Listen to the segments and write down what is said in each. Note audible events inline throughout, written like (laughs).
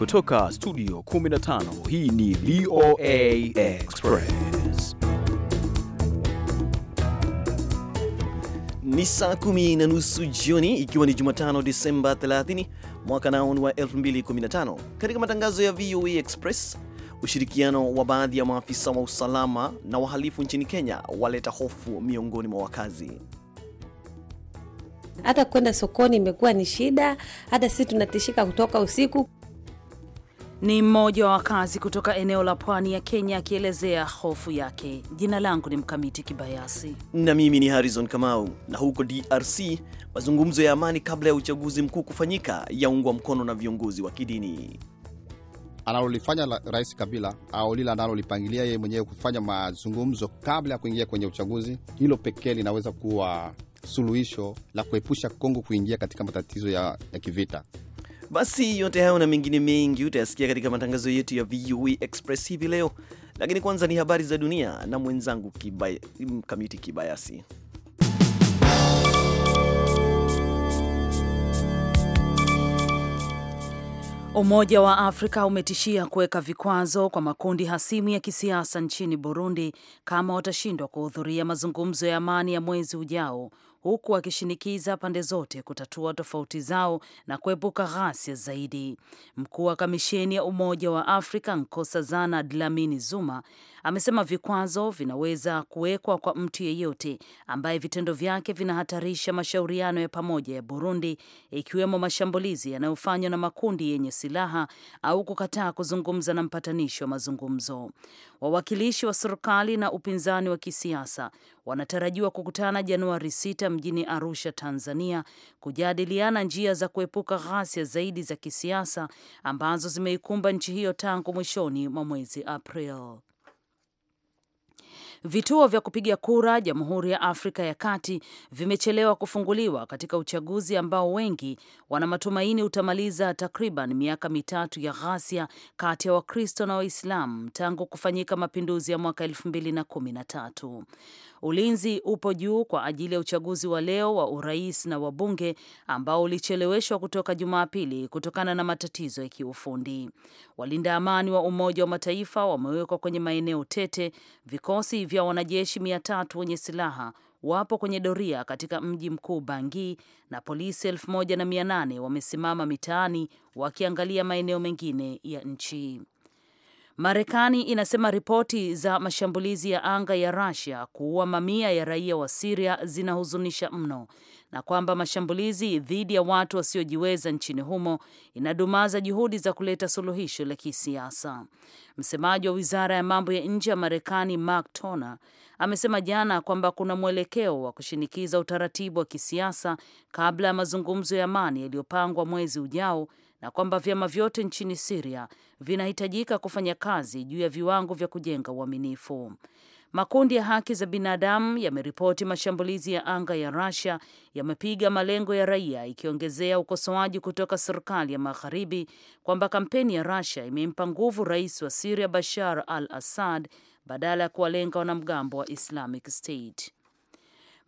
Kutoka studio 15 hii ni VOA Express. Ni saa kumi na nusu jioni ikiwa ni Jumatano Disemba 30 mwaka nao ni wa 2015. Katika matangazo ya VOA Express, ushirikiano wa baadhi ya maafisa wa usalama na wahalifu nchini Kenya waleta hofu miongoni mwa wakazi hata kwenda sokoni imekuwa ni shida, hata sisi tunatishika kutoka usiku. Ni mmoja wa wakazi kutoka eneo la pwani ya Kenya akielezea hofu yake. Jina langu ni Mkamiti Kibayasi na mimi ni Harrison Kamau. Na huko DRC mazungumzo ya amani kabla ya uchaguzi mkuu kufanyika yaungwa mkono na viongozi wa kidini. Analolifanya Rais Kabila au lile analolipangilia yeye mwenyewe kufanya mazungumzo kabla ya kuingia kwenye uchaguzi, hilo pekee linaweza kuwa suluhisho la kuepusha Kongo kuingia katika matatizo ya, ya kivita. Basi yote hayo na mengine mengi utayasikia katika matangazo yetu ya VOA e Express hivi leo, lakini kwanza ni habari za dunia na mwenzangu kibay, Kamiti Kibayasi. Umoja wa Afrika umetishia kuweka vikwazo kwa makundi hasimu ya kisiasa nchini Burundi kama watashindwa kuhudhuria mazungumzo ya amani ya mwezi ujao huku akishinikiza pande zote kutatua tofauti zao na kuepuka ghasia zaidi. Mkuu wa kamisheni ya Umoja wa Afrika Nkosazana Dlamini Zuma Amesema vikwazo vinaweza kuwekwa kwa mtu yeyote ambaye vitendo vyake vinahatarisha mashauriano ya pamoja ya Burundi, ikiwemo mashambulizi yanayofanywa na makundi yenye silaha au kukataa kuzungumza na mpatanishi wa mazungumzo. Wawakilishi wa serikali na upinzani wa kisiasa wanatarajiwa kukutana Januari 6 mjini Arusha, Tanzania, kujadiliana njia za kuepuka ghasia zaidi za kisiasa ambazo zimeikumba nchi hiyo tangu mwishoni mwa mwezi April. Vituo vya kupiga kura Jamhuri ya Afrika ya Kati vimechelewa kufunguliwa katika uchaguzi ambao wengi wana matumaini utamaliza takriban miaka mitatu ya ghasia kati ya Wakristo na Waislamu tangu kufanyika mapinduzi ya mwaka elfu mbili na kumi na tatu. Ulinzi upo juu kwa ajili ya uchaguzi wa leo wa urais na wabunge ambao ulicheleweshwa kutoka Jumapili kutokana na matatizo ya kiufundi. Walinda amani wa Umoja wa Mataifa wamewekwa kwenye maeneo tete. Vikosi vya wanajeshi mia tatu wenye silaha wapo kwenye doria katika mji mkuu Bangi na polisi elfu moja na mia nane wamesimama mitaani wakiangalia maeneo mengine ya nchi. Marekani inasema ripoti za mashambulizi ya anga ya Russia kuua mamia ya raia wa Siria zinahuzunisha mno na kwamba mashambulizi dhidi ya watu wasiojiweza nchini humo inadumaza juhudi za kuleta suluhisho la kisiasa. Msemaji wa wizara ya mambo ya nje ya Marekani Mark Toner amesema jana kwamba kuna mwelekeo wa kushinikiza utaratibu wa kisiasa kabla ya mazungumzo ya amani yaliyopangwa mwezi ujao na kwamba vyama vyote nchini Siria vinahitajika kufanya kazi juu ya viwango vya kujenga uaminifu. Makundi ya haki za binadamu yameripoti mashambulizi ya anga ya Russia yamepiga malengo ya raia, ikiongezea ukosoaji kutoka serikali ya magharibi kwamba kampeni ya Russia imempa nguvu rais wa siria Bashar al-Assad badala ya kuwalenga wanamgambo wa Islamic State.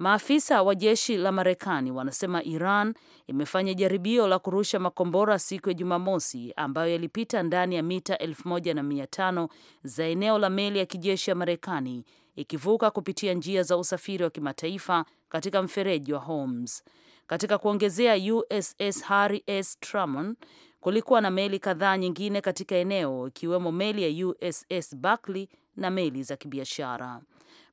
Maafisa wa jeshi la Marekani wanasema Iran imefanya jaribio la kurusha makombora siku ya Jumamosi ambayo yalipita ndani ya mita 1500 za eneo la meli ya kijeshi ya Marekani ikivuka kupitia njia za usafiri wa kimataifa katika mfereji wa Hormuz. Katika kuongezea, USS Harry S. Truman kulikuwa na meli kadhaa nyingine katika eneo ikiwemo meli ya USS Buckley na meli za kibiashara.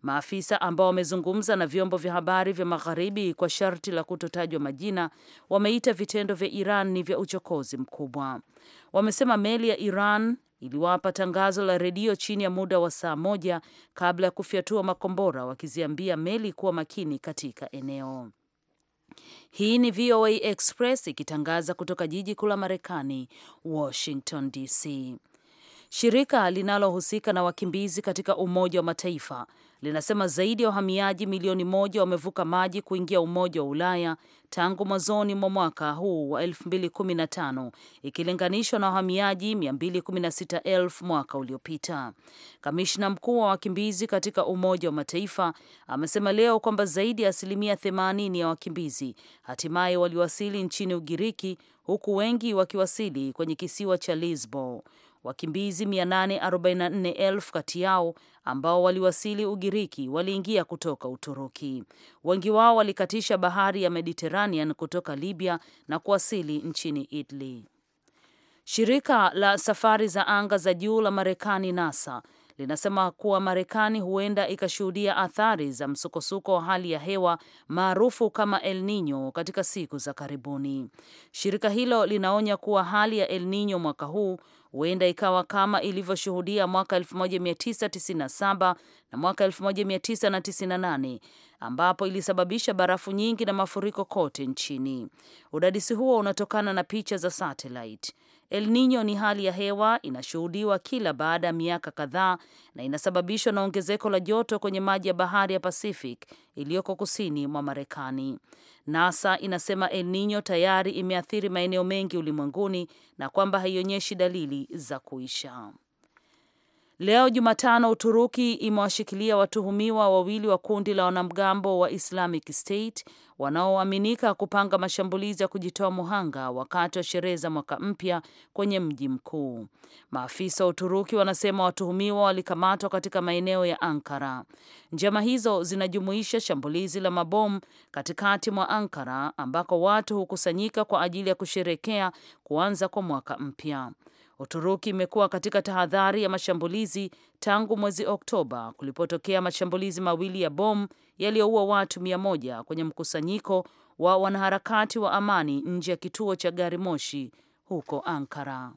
Maafisa ambao wamezungumza na vyombo vya habari vya magharibi kwa sharti la kutotajwa majina wameita vitendo vya Iran ni vya uchokozi mkubwa. Wamesema meli ya Iran iliwapa tangazo la redio chini ya muda wa saa moja kabla ya kufyatua makombora, wakiziambia meli kuwa makini katika eneo. Hii ni VOA Express ikitangaza kutoka jiji kuu la Marekani, Washington DC. Shirika linalohusika na wakimbizi katika Umoja wa Mataifa linasema zaidi ya wahamiaji milioni moja wamevuka maji kuingia Umoja wa Ulaya tangu mwanzoni mwa mwaka huu wa 2015 ikilinganishwa na wahamiaji 216,000 mwaka uliopita. Kamishna mkuu wa wakimbizi katika Umoja wa Mataifa amesema leo kwamba zaidi ya asilimia 80 ya wakimbizi hatimaye waliwasili nchini Ugiriki, huku wengi wakiwasili kwenye kisiwa cha lisbo Wakimbizi 844,000 kati yao ambao waliwasili Ugiriki waliingia kutoka Uturuki. Wengi wao walikatisha bahari ya Mediterranean kutoka Libya na kuwasili nchini Italy. Shirika la safari za anga za juu la Marekani NASA linasema kuwa Marekani huenda ikashuhudia athari za msukosuko wa hali ya hewa maarufu kama El Nino katika siku za karibuni. Shirika hilo linaonya kuwa hali ya El Nino mwaka huu huenda ikawa kama ilivyoshuhudia mwaka 1997 na mwaka 1998 ambapo ilisababisha barafu nyingi na mafuriko kote nchini. Udadisi huo unatokana na picha za satellite. El Nino ni hali ya hewa inashuhudiwa kila baada ya miaka kadhaa na inasababishwa na ongezeko la joto kwenye maji ya bahari ya Pacific iliyoko kusini mwa Marekani. NASA inasema El Nino tayari imeathiri maeneo mengi ulimwenguni na kwamba haionyeshi dalili za kuisha. Leo Jumatano, Uturuki imewashikilia watuhumiwa wawili wa kundi la wanamgambo wa Islamic State wanaoaminika kupanga mashambulizi ya kujitoa muhanga wakati wa sherehe za mwaka mpya kwenye mji mkuu. Maafisa wa Uturuki wanasema watuhumiwa walikamatwa katika maeneo ya Ankara. Njama hizo zinajumuisha shambulizi la mabomu katikati mwa Ankara ambako watu hukusanyika kwa ajili ya kusherekea kuanza kwa mwaka mpya. Uturuki imekuwa katika tahadhari ya mashambulizi tangu mwezi Oktoba kulipotokea mashambulizi mawili ya bomu yaliyoua watu mia moja kwenye mkusanyiko wa wanaharakati wa amani nje ya kituo cha gari moshi huko Ankara.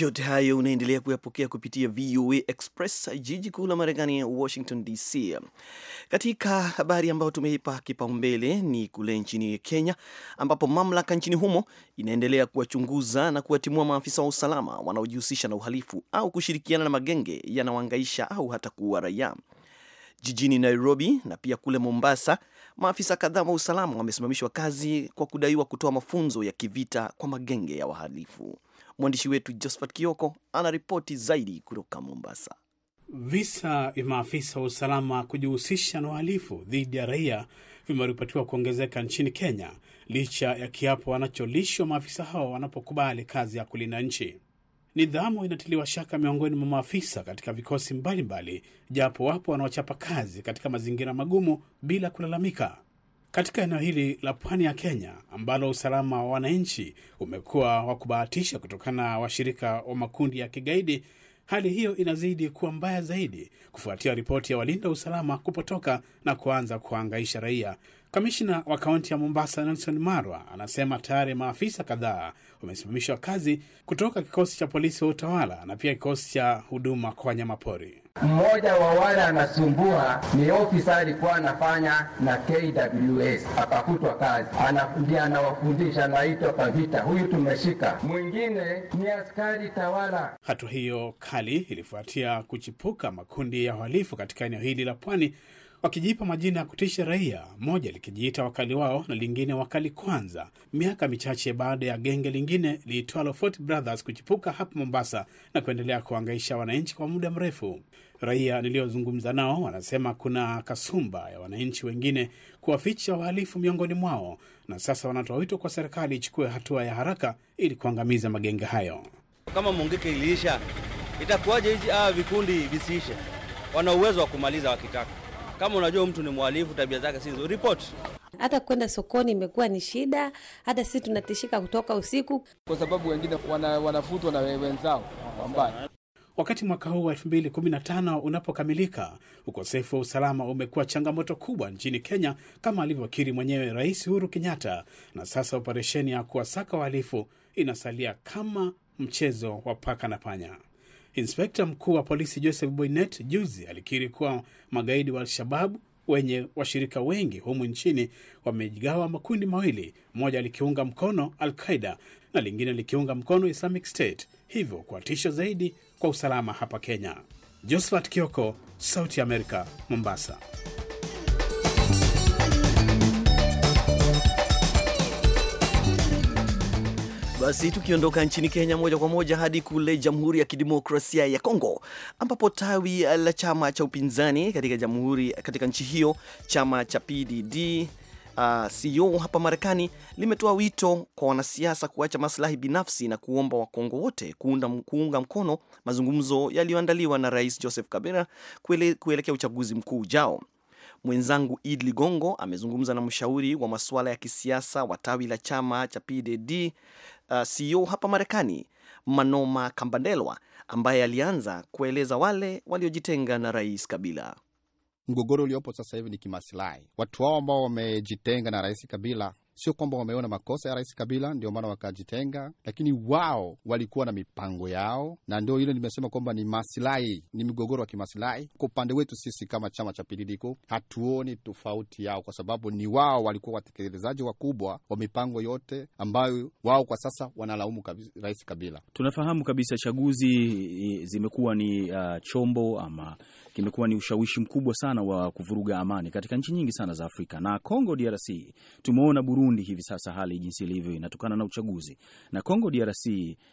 Yote hayo unaendelea kuyapokea kupitia VOA Express, jiji kuu la Marekani, Washington DC. Katika habari ambayo tumeipa kipaumbele ni kule nchini Kenya, ambapo mamlaka nchini humo inaendelea kuwachunguza na kuwatimua maafisa wa usalama wanaojihusisha na uhalifu au kushirikiana na magenge yanaoangaisha au hata kuua raia jijini Nairobi na pia kule Mombasa. Maafisa kadhaa wa usalama wamesimamishwa kazi kwa kudaiwa kutoa mafunzo ya kivita kwa magenge ya wahalifu. Mwandishi wetu Josphat Kioko anaripoti zaidi kutoka Mombasa. Visa vya maafisa wa usalama kujihusisha na uhalifu dhidi ya raia vimeripotiwa kuongezeka nchini Kenya licha ya kiapo wanacholishwa maafisa hao wanapokubali kazi ya kulinda nchi. Nidhamu inatiliwa shaka miongoni mwa maafisa katika vikosi mbalimbali, japo wapo wanaochapa kazi katika mazingira magumu bila kulalamika katika eneo hili la pwani ya Kenya ambalo usalama wa wananchi umekuwa wa kubahatisha kutokana na washirika wa makundi ya kigaidi. Hali hiyo inazidi kuwa mbaya zaidi kufuatia ripoti ya walinda usalama kupotoka na kuanza kuhangaisha raia. Kamishna wa kaunti ya Mombasa Nelson Marwa anasema tayari maafisa kadhaa wamesimamishwa kazi kutoka kikosi cha polisi wa utawala na pia kikosi cha huduma kwa wanyamapori. Mmoja wa wale anasumbua ni ofisa alikuwa anafanya na KWS akakutwa kazi, ndiye anawafundisha, anaitwa Pavita, huyu tumeshika. Mwingine ni askari tawala. Hatua hiyo kali ilifuatia kuchipuka makundi ya uhalifu katika eneo hili la pwani wakijipa majina ya kutisha raia, moja likijiita wakali wao na lingine wakali kwanza, miaka michache baada ya genge lingine liitwalo Fort Brothers kuchipuka hapa Mombasa na kuendelea kuangaisha wananchi kwa muda mrefu. Raia niliyozungumza nao wanasema kuna kasumba ya wananchi wengine kuwaficha wahalifu miongoni mwao, na sasa wanatoa wito kwa serikali ichukue hatua ya haraka ili kuangamiza magenge hayo. Kama Mungike iliisha, itakuwaje hizi aa ah, vikundi visiishe? Wana uwezo wa kumaliza wakitaka. Kama unajua mtu ni mwalifu, tabia zake si nzuri, report. Hata kwenda sokoni imekuwa ni shida, hata sisi tunatishika kutoka usiku, kwa sababu wengine wana, wanafutwa na wenzao kwa Wakati mwaka huu wa 2015 unapokamilika, ukosefu wa usalama umekuwa changamoto kubwa nchini Kenya, kama alivyokiri mwenyewe Rais Uhuru Kenyatta, na sasa operesheni ya kuwasaka wahalifu inasalia kama mchezo wa paka na panya. Inspekta mkuu wa polisi Joseph Boynet juzi alikiri kuwa magaidi wa Al-Shababu wenye washirika wengi humu nchini wamejigawa makundi mawili, moja likiunga mkono Al-Qaida na lingine likiunga mkono Islamic State, hivyo kwa tisho zaidi kwa usalama hapa Kenya. Josephat Kioko, Sauti america Mombasa. Basi tukiondoka nchini Kenya moja kwa moja hadi kule Jamhuri ya Kidemokrasia ya Kongo, ambapo tawi eh, la chama cha upinzani katika jamhuri katika nchi hiyo, chama cha PDD ah, co e hapa Marekani limetoa wito kwa wanasiasa kuacha maslahi binafsi na kuomba Wakongo wote kuunda, kuunga mkono mazungumzo yaliyoandaliwa na Rais Joseph Kabila kuele, kuelekea uchaguzi mkuu ujao. Mwenzangu Id Ligongo amezungumza na mshauri wa masuala ya kisiasa wa tawi la chama cha PDD uh, CEO hapa Marekani Manoma Kambandelwa ambaye alianza kueleza wale waliojitenga na Rais Kabila. Mgogoro uliopo sasa hivi ni kimasilahi. Watu hao ambao wamejitenga na Rais Kabila Sio kwamba wameona makosa ya Rais Kabila ndio maana wakajitenga, lakini wao walikuwa na mipango yao, na ndio hilo nimesema kwamba ni masilahi, ni mgogoro wa kimasilahi. Kwa upande wetu sisi kama chama cha PDIDCO hatuoni tofauti yao, kwa sababu ni wao walikuwa watekelezaji wakubwa wa mipango yote ambayo wao kwa sasa wanalaumu Rais Kabila. Tunafahamu kabisa chaguzi zimekuwa ni uh, chombo ama kimekuwa ni ushawishi mkubwa sana wa kuvuruga amani katika nchi nyingi sana za Afrika na Congo DRC tumeona Burundi Burundi hivi sasa hali jinsi ilivyo inatokana na uchaguzi, na congo DRC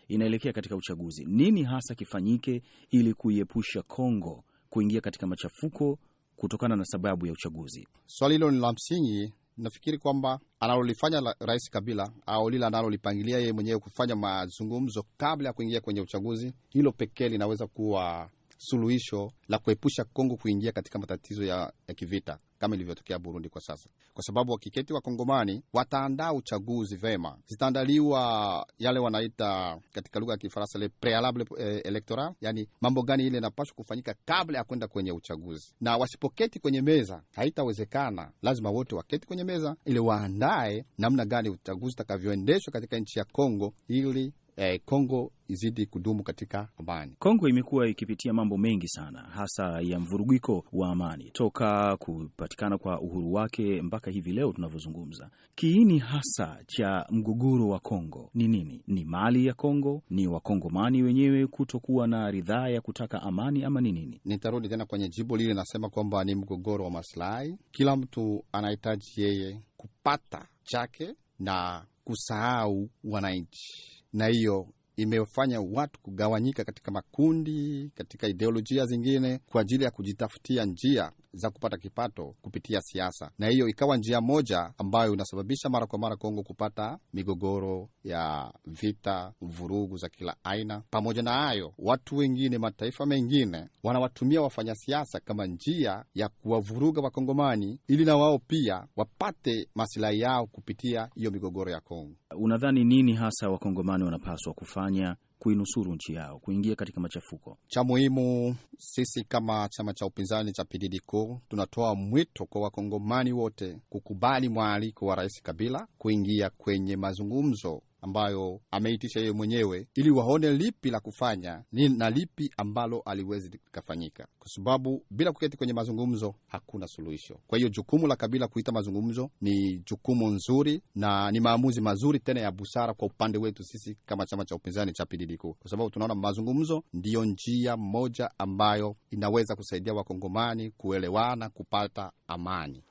inaelekea katika uchaguzi. Nini hasa kifanyike ili kuiepusha congo kuingia katika machafuko kutokana na sababu ya uchaguzi? Swali hilo ni la msingi. Nafikiri kwamba analolifanya Rais Kabila au lile analolipangilia yeye mwenyewe kufanya mazungumzo kabla ya kuingia kwenye uchaguzi, hilo pekee linaweza kuwa suluhisho la kuepusha Kongo kuingia katika matatizo ya, ya kivita kama ilivyotokea Burundi kwa sasa, kwa sababu wakiketi wa Kongomani wataandaa uchaguzi vema, zitaandaliwa yale wanaita katika lugha ya Kifaransa le prealable eh, electoral, yani mambo gani ile inapaswa kufanyika kabla ya kwenda kwenye uchaguzi. Na wasipoketi kwenye meza haitawezekana, lazima wote waketi kwenye meza ili waandae namna gani uchaguzi utakavyoendeshwa katika nchi ya Kongo ili eh, Kongo izidi kudumu katika amani. Kongo imekuwa ikipitia mambo mengi sana, hasa ya mvurugiko wa amani toka kupatikana kwa uhuru wake mpaka hivi leo tunavyozungumza. Kiini hasa cha mgogoro wa Kongo ni nini? Ni mali ya Kongo? Ni wakongomani wenyewe kutokuwa na ridhaa ya kutaka amani, ama ni nini? Nitarudi tena kwenye jibu lile, nasema kwamba ni mgogoro wa masilahi Kila mtu anahitaji yeye kupata chake na kusahau wananchi na hiyo imefanya watu kugawanyika katika makundi, katika ideolojia zingine, kwa ajili ya kujitafutia njia za kupata kipato kupitia siasa, na hiyo ikawa njia moja ambayo inasababisha mara kwa mara Kongo kupata migogoro ya vita, vurugu za kila aina. Pamoja na hayo, watu wengine, mataifa mengine wanawatumia wafanyasiasa kama njia ya kuwavuruga Wakongomani ili na wao pia wapate masilahi yao kupitia hiyo migogoro ya Kongo. Unadhani nini hasa Wakongomani wanapaswa kufanya kuinusuru nchi yao kuingia katika machafuko. Cha muhimu sisi kama chama cha upinzani cha PDDCO tunatoa mwito kwa wakongomani wote kukubali mwaliko wa Rais Kabila kuingia kwenye mazungumzo ambayo ameitisha yeye mwenyewe ili waone lipi la kufanya na lipi ambalo aliwezi likafanyika, kwa sababu bila kuketi kwenye mazungumzo hakuna suluhisho. Kwa hiyo jukumu la Kabila kuita mazungumzo ni jukumu nzuri na ni maamuzi mazuri tena ya busara kwa upande wetu sisi kama chama cha upinzani cha PDIDC, kwa sababu tunaona mazungumzo ndiyo njia moja ambayo inaweza kusaidia wakongomani kuelewana, kupata amani.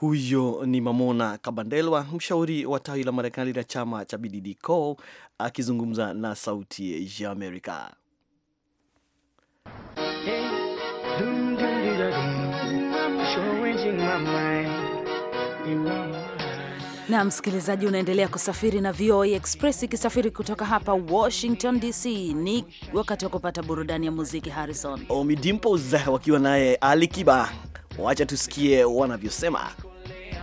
Huyo ni Mamona Kabandelwa, mshauri wa tawi la Marekani la chama cha BDDCO akizungumza na Sauti ya Amerika. na msikilizaji, unaendelea kusafiri na VOA Express ikisafiri kutoka hapa Washington DC. Ni wakati wa kupata burudani ya muziki. Harrison Omidimpos wakiwa naye Ali Kiba, wacha tusikie wanavyosema.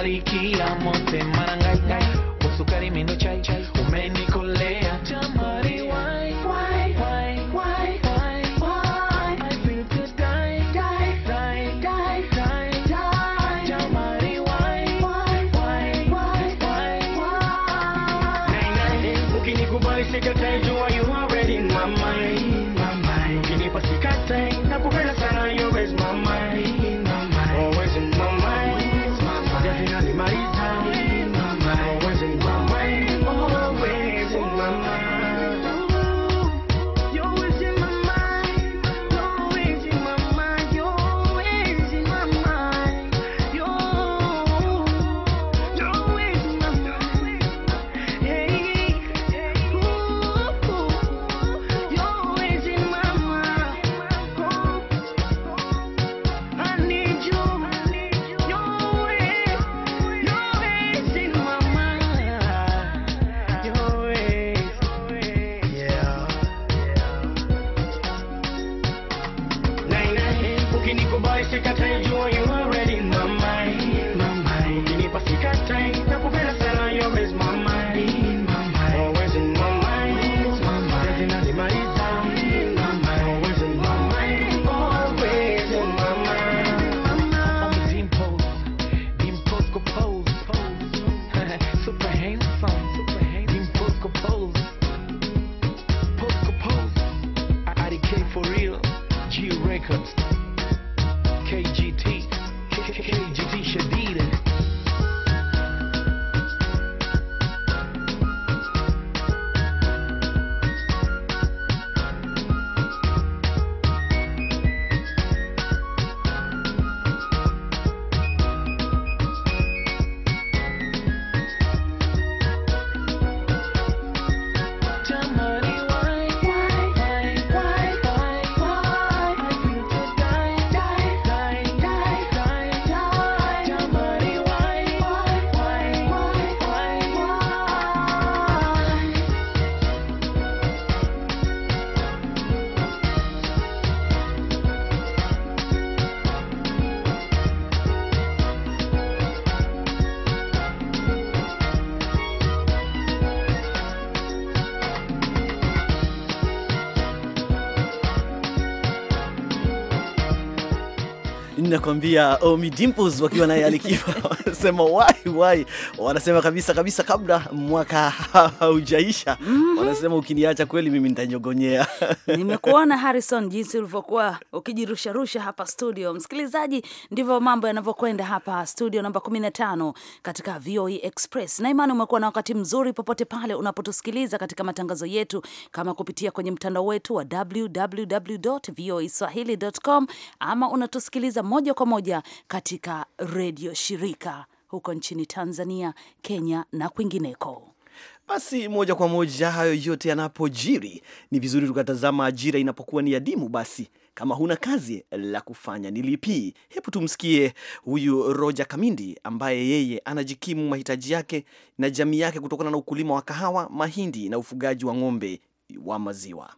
Mariki, Monte Marangay, Osukari chay chay. nakwambia Omi Dimples wakiwa naye Alikiba (laughs) wanasema wai wai, wanasema kabisa kabisa, kabla mwaka (laughs) haujaisha mm -hmm. Wanasema ukiniacha kweli mimi nitanyogonyea. (laughs) Nimekuona Harrison, jinsi ulivyokuwa ukijirusharusha hapa studio. Msikilizaji, ndivyo mambo yanavyokwenda hapa studio namba 15 katika VOE Express, na imani umekuwa na wakati mzuri popote pale unapotusikiliza katika matangazo yetu, kama kupitia kwenye mtandao wetu wa www.voaswahili.com e ama unatusikiliza moja moja kwa moja katika redio shirika huko nchini Tanzania, Kenya na kwingineko. Basi moja kwa moja, hayo yote yanapojiri, ni vizuri tukatazama ajira inapokuwa ni adimu. Basi kama huna kazi la kufanya ni lipi? Hebu tumsikie huyu Roger Kamindi ambaye yeye anajikimu mahitaji yake na jamii yake kutokana na ukulima wa kahawa, mahindi na ufugaji wa ng'ombe wa maziwa.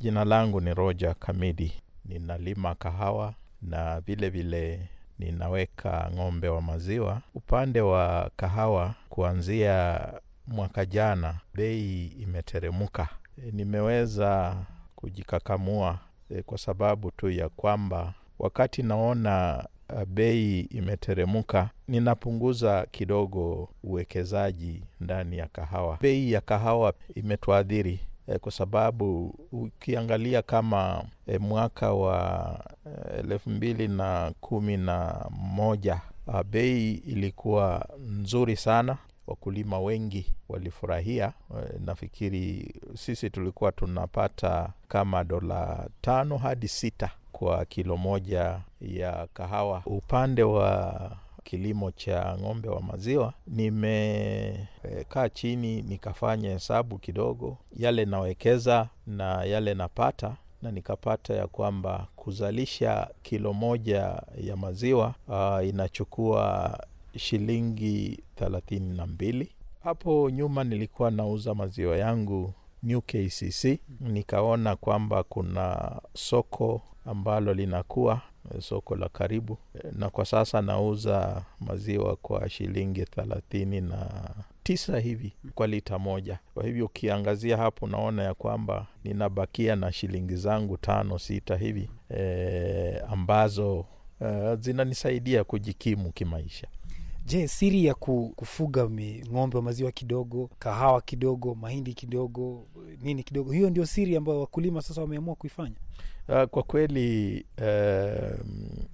Jina langu ni Roger Kamidi ninalima kahawa na vile vile ninaweka ng'ombe wa maziwa. Upande wa kahawa, kuanzia mwaka jana bei imeteremka. Nimeweza kujikakamua eh, kwa sababu tu ya kwamba wakati naona eh, bei imeteremka, ninapunguza kidogo uwekezaji ndani ya kahawa. Bei ya kahawa imetuadhiri e, kwa sababu ukiangalia kama e, mwaka wa eh, elfu mbili na kumi na moja ah, bei ilikuwa nzuri sana wakulima wengi walifurahia. Nafikiri sisi tulikuwa tunapata kama dola tano hadi sita kwa kilo moja ya kahawa. Upande wa kilimo cha ng'ombe wa maziwa, nimekaa e, chini nikafanya hesabu kidogo, yale nawekeza na yale napata na nikapata ya kwamba kuzalisha kilo moja ya maziwa uh, inachukua shilingi thelathini na mbili. Hapo nyuma nilikuwa nauza maziwa yangu New KCC, nikaona kwamba kuna soko ambalo linakuwa Eh, soko la karibu eh, na kwa sasa nauza maziwa kwa shilingi thelathini na tisa hivi kwa lita moja. Kwa hivyo ukiangazia hapo, unaona ya kwamba ninabakia na shilingi zangu tano sita hivi e, ambazo e, zinanisaidia kujikimu kimaisha. Je, siri ya kufuga ng'ombe wa maziwa kidogo, kahawa kidogo, mahindi kidogo, nini kidogo, hiyo ndio siri ambayo wakulima sasa wameamua kuifanya? Uh, kwa kweli uh,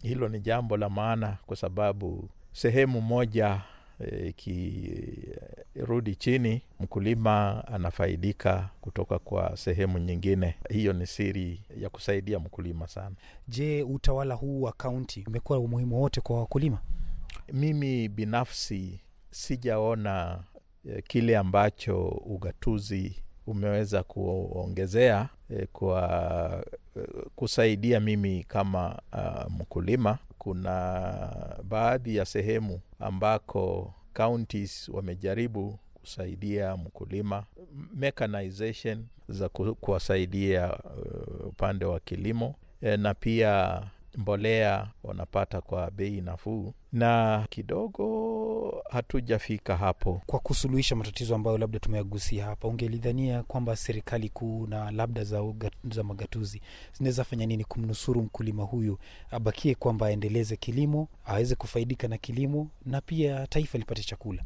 hilo ni jambo la maana kwa sababu sehemu moja eh, ikirudi e, chini mkulima anafaidika kutoka kwa sehemu nyingine. Hiyo ni siri ya kusaidia mkulima sana. Je, utawala huu wa kaunti umekuwa umuhimu wote kwa wakulima? Mimi binafsi sijaona e, kile ambacho ugatuzi umeweza kuongezea Eh, kwa eh, kusaidia mimi kama uh, mkulima. Kuna baadhi ya sehemu ambako counties wamejaribu kusaidia mkulima mechanization za kuwasaidia eh, upande uh, wa kilimo e, na pia mbolea wanapata kwa bei nafuu, na kidogo hatujafika hapo kwa kusuluhisha matatizo ambayo labda tumeagusia hapa. Ungelidhania kwamba serikali kuu na labda za, uga, za magatuzi zinaweza fanya nini kumnusuru mkulima huyu, abakie kwamba aendeleze kilimo, aweze kufaidika na kilimo na pia taifa lipate chakula,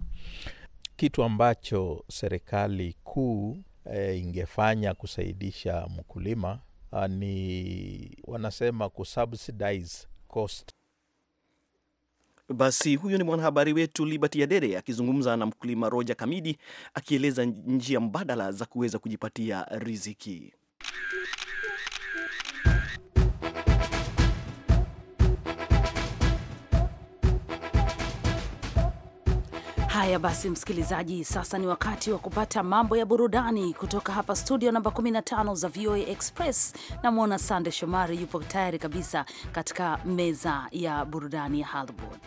kitu ambacho serikali kuu e, ingefanya kusaidisha mkulima uh, ni wanasema kusubsidize cost. Basi huyo ni mwanahabari wetu Liberty yadere akizungumza na mkulima Roja Kamidi akieleza njia mbadala za kuweza kujipatia riziki. Haya basi, msikilizaji, sasa ni wakati wa kupata mambo ya burudani kutoka hapa studio namba 15 za VOA Express. Namwona Sande Shomari yupo tayari kabisa katika meza ya burudani ya Hollywood.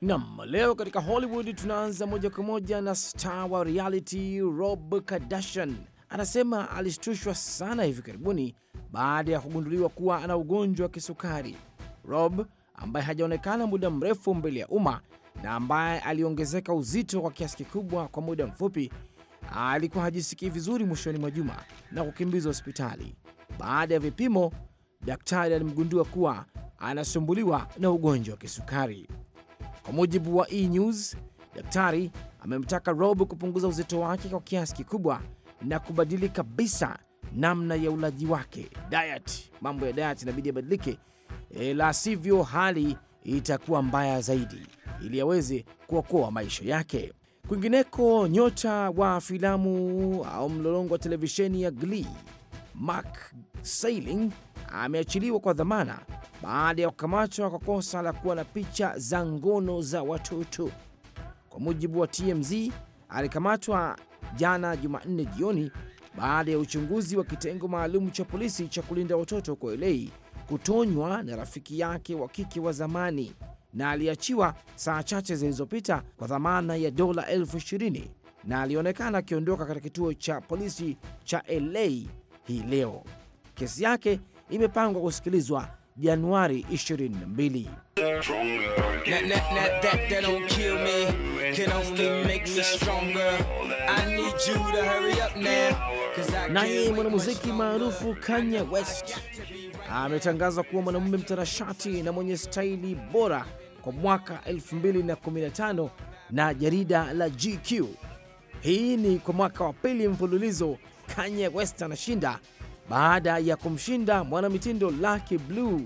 Nam, leo katika Hollywood tunaanza moja kwa moja na star wa reality Rob Kardashian. Anasema alishtushwa sana hivi karibuni baada ya kugunduliwa kuwa ana ugonjwa wa kisukari. Rob ambaye hajaonekana muda mrefu mbele ya umma na ambaye aliongezeka uzito kwa kiasi kikubwa kwa muda mfupi, alikuwa hajisikii vizuri mwishoni mwa juma na kukimbizwa hospitali. Baada ya vipimo, daktari alimgundua kuwa anasumbuliwa na ugonjwa wa kisukari. Kwa mujibu wa E News, daktari amemtaka Rob kupunguza uzito wake kwa kiasi kikubwa na kubadili kabisa namna ya ulaji wake, diet. Mambo ya diet inabidi yabadilike, e, eh, la sivyo hali itakuwa mbaya zaidi ili aweze kuokoa maisha yake. Kwingineko, nyota wa filamu au mlolongo wa televisheni ya Glee Mark Sailing ameachiliwa kwa dhamana baada ya kukamatwa kwa kosa la kuwa na picha za ngono za watoto. Kwa mujibu wa TMZ, alikamatwa jana Jumanne jioni baada ya uchunguzi wa kitengo maalum cha polisi cha kulinda watoto kwa elei kutonywa na rafiki yake wa kike wa zamani na aliachiwa saa chache zilizopita kwa dhamana ya dola elfu ishirini na alionekana akiondoka katika kituo cha polisi cha LA hii leo. Kesi yake imepangwa kusikilizwa Januari 22. Naye mwanamuziki maarufu Kanye West ametangazwa kuwa mwanamume mtanashati na mwenye staili bora kwa mwaka 2015 na jarida la GQ. Hii ni kwa mwaka wa pili mfululizo Kanye West anashinda baada ya kumshinda mwanamitindo Lucky Blue,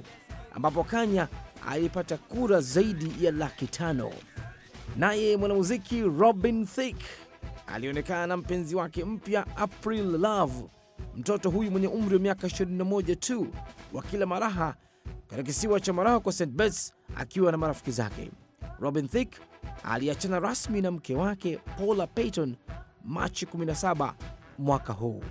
ambapo Kanye alipata kura zaidi ya laki tano. Naye mwanamuziki Robin Thicke alionekana na mpenzi wake mpya April Love, mtoto huyu mwenye umri wa miaka 21 tu, wakila maraha katika kisiwa cha Morocco St Barts akiwa na marafiki zake. Robin Thicke aliachana rasmi na mke wake Paula Payton Machi 17 mwaka huu.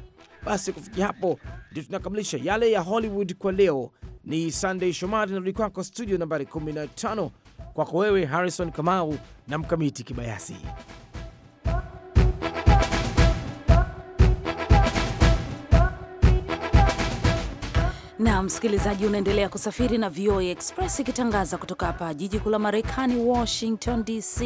Basi kufikia hapo ndio tunakamilisha yale ya Hollywood kwa leo. Ni Sunday Shomari, narudi kwako studio nambari 15, kwako wewe Harrison Kamau na Mkamiti Kibayasi. na msikilizaji, unaendelea kusafiri na VOA Express ikitangaza kutoka hapa jiji kuu la Marekani, Washington DC.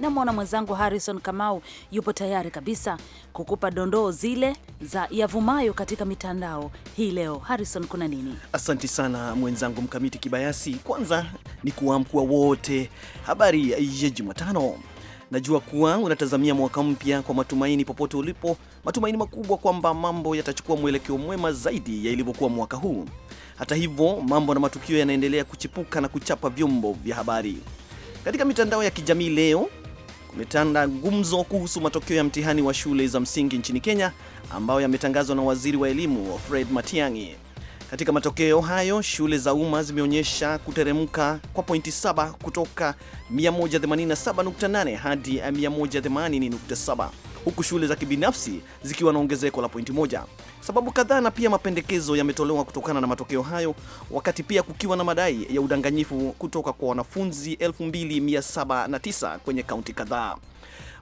Namwona mwenzangu Harrison Kamau yupo tayari kabisa kukupa dondoo zile za yavumayo katika mitandao hii leo. Harrison, kuna nini? Asanti sana mwenzangu Mkamiti Kibayasi. Kwanza ni kuamkua wote, habari ya Jumatano. Najua kuwa unatazamia mwaka mpya kwa matumaini popote ulipo, matumaini makubwa kwamba mambo yatachukua mwelekeo mwema zaidi ya ilivyokuwa mwaka huu. Hata hivyo, mambo na matukio yanaendelea kuchipuka na kuchapa vyombo vya habari. Katika mitandao ya kijamii leo kumetanda gumzo kuhusu matokeo ya mtihani wa shule za msingi nchini Kenya ambayo yametangazwa na waziri wa elimu Fred Matiang'i. Katika matokeo hayo, shule za umma zimeonyesha kuteremka kwa pointi 7 kutoka 187.8 hadi 180.7 huku shule za kibinafsi zikiwa na ongezeko la pointi moja. Sababu kadhaa na pia mapendekezo yametolewa kutokana na matokeo hayo, wakati pia kukiwa na madai ya udanganyifu kutoka kwa wanafunzi 2709 kwenye kaunti kadhaa.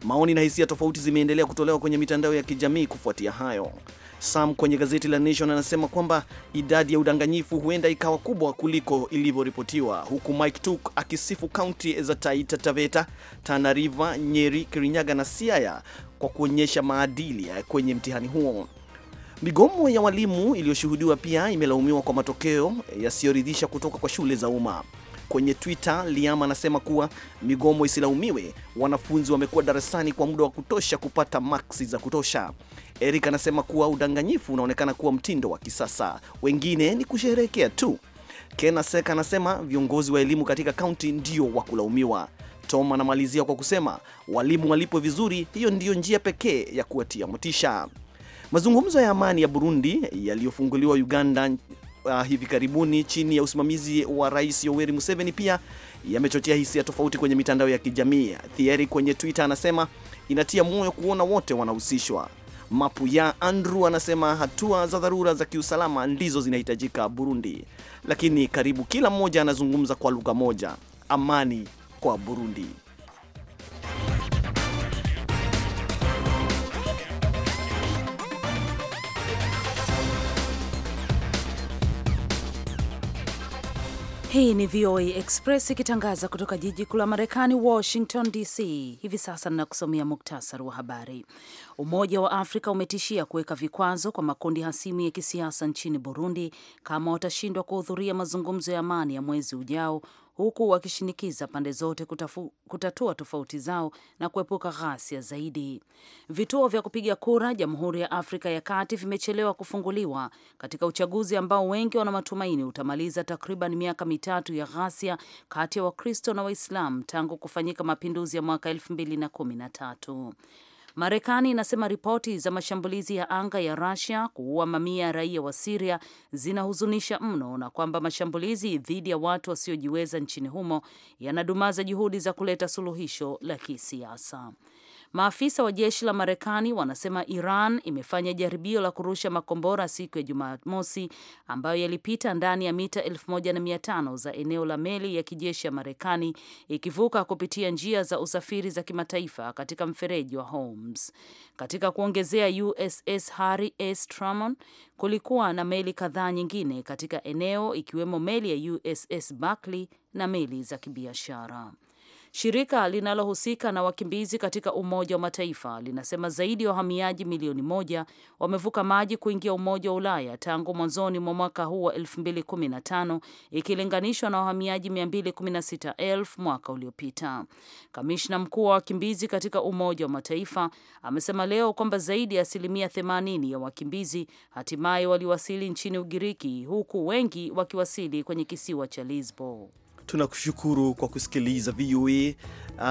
Maoni na hisia tofauti zimeendelea kutolewa kwenye mitandao ya kijamii kufuatia hayo. Sam kwenye gazeti la Nation anasema kwamba idadi ya udanganyifu huenda ikawa kubwa kuliko ilivyoripotiwa, huku Mike Tuk akisifu kaunti za Taita Taveta, Tana River, Nyeri, Kirinyaga na Siaya kwa kuonyesha maadili kwenye mtihani huo. Migomo ya walimu iliyoshuhudiwa pia imelaumiwa kwa matokeo yasiyoridhisha kutoka kwa shule za umma. Kwenye Twitter, Liam anasema kuwa migomo isilaumiwe, wanafunzi wamekuwa darasani kwa muda wa kutosha kupata maksi za kutosha. Eric anasema kuwa udanganyifu unaonekana kuwa mtindo wa kisasa, wengine ni kusherehekea tu. Kenasek anasema viongozi wa elimu katika kaunti ndio wa kulaumiwa. Tom anamalizia kwa kusema walimu walipo vizuri, hiyo ndiyo njia pekee ya kuwatia motisha. Mazungumzo ya amani ya Burundi yaliyofunguliwa Uganda uh, hivi karibuni chini ya usimamizi wa Rais Yoweri Museveni pia yamechochea hisia tofauti kwenye mitandao ya kijamii. Thierry kwenye Twitter anasema inatia moyo kuona wote wanahusishwa. Mapu ya Andrew anasema hatua za dharura za kiusalama ndizo zinahitajika Burundi, lakini karibu kila mmoja anazungumza kwa lugha moja, amani kwa Burundi. Hii ni VOA Express ikitangaza kutoka jiji kuu la Marekani, Washington DC. Hivi sasa ninakusomea muktasari wa habari. Umoja wa Afrika umetishia kuweka vikwazo kwa makundi hasimu ya kisiasa nchini Burundi kama watashindwa kuhudhuria mazungumzo ya amani ya mwezi ujao, huku wakishinikiza pande zote kutafu, kutatua tofauti zao na kuepuka ghasia zaidi. Vituo vya kupiga kura Jamhuri ya Afrika ya Kati vimechelewa kufunguliwa katika uchaguzi ambao wengi wana matumaini utamaliza takriban miaka mitatu ya ghasia kati ya Wakristo na Waislamu tangu kufanyika mapinduzi ya mwaka elfu mbili na kumi na tatu. Marekani inasema ripoti za mashambulizi ya anga ya rasia kuua mamia ya raia wa Siria zinahuzunisha mno na kwamba mashambulizi dhidi ya watu wasiojiweza nchini humo yanadumaza juhudi za kuleta suluhisho la kisiasa. Maafisa wa jeshi la Marekani wanasema Iran imefanya jaribio la kurusha makombora siku ya Jumamosi ambayo yalipita ndani ya mita 1500 za eneo la meli ya kijeshi ya Marekani ikivuka kupitia njia za usafiri za kimataifa katika mfereji wa Holmes. Katika kuongezea, USS Harry S. Truman kulikuwa na meli kadhaa nyingine katika eneo ikiwemo meli ya USS Buckley na meli za kibiashara. Shirika linalohusika na wakimbizi katika Umoja wa Mataifa linasema zaidi ya wahamiaji milioni moja wamevuka maji kuingia Umoja wa Ulaya tangu mwanzoni mwa mwaka huu wa 2015 ikilinganishwa na wahamiaji 216,000 mwaka uliopita. Kamishna mkuu wa wakimbizi katika Umoja wa Mataifa amesema leo kwamba zaidi ya asilimia 80 ya wakimbizi hatimaye waliwasili nchini Ugiriki, huku wengi wakiwasili kwenye kisiwa cha Lisbo tunakushukuru kwa kusikiliza VOA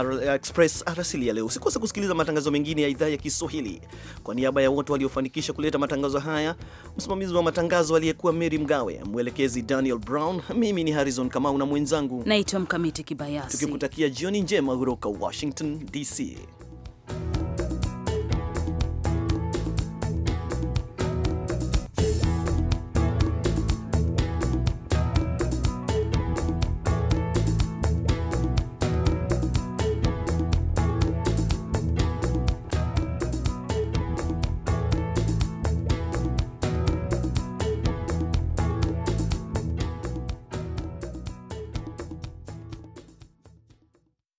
uh, Express arasili ya leo. Usikose kusikiliza matangazo mengine ya idhaa ya Kiswahili. Kwa niaba ya wote waliofanikisha kuleta matangazo haya, msimamizi wa matangazo aliyekuwa Mary Mgawe, mwelekezi Daniel Brown, mimi ni Harrison Kamau na mwenzangu naitwa Mkamiti Kibayasi, tukikutakia jioni njema kutoka Washington DC.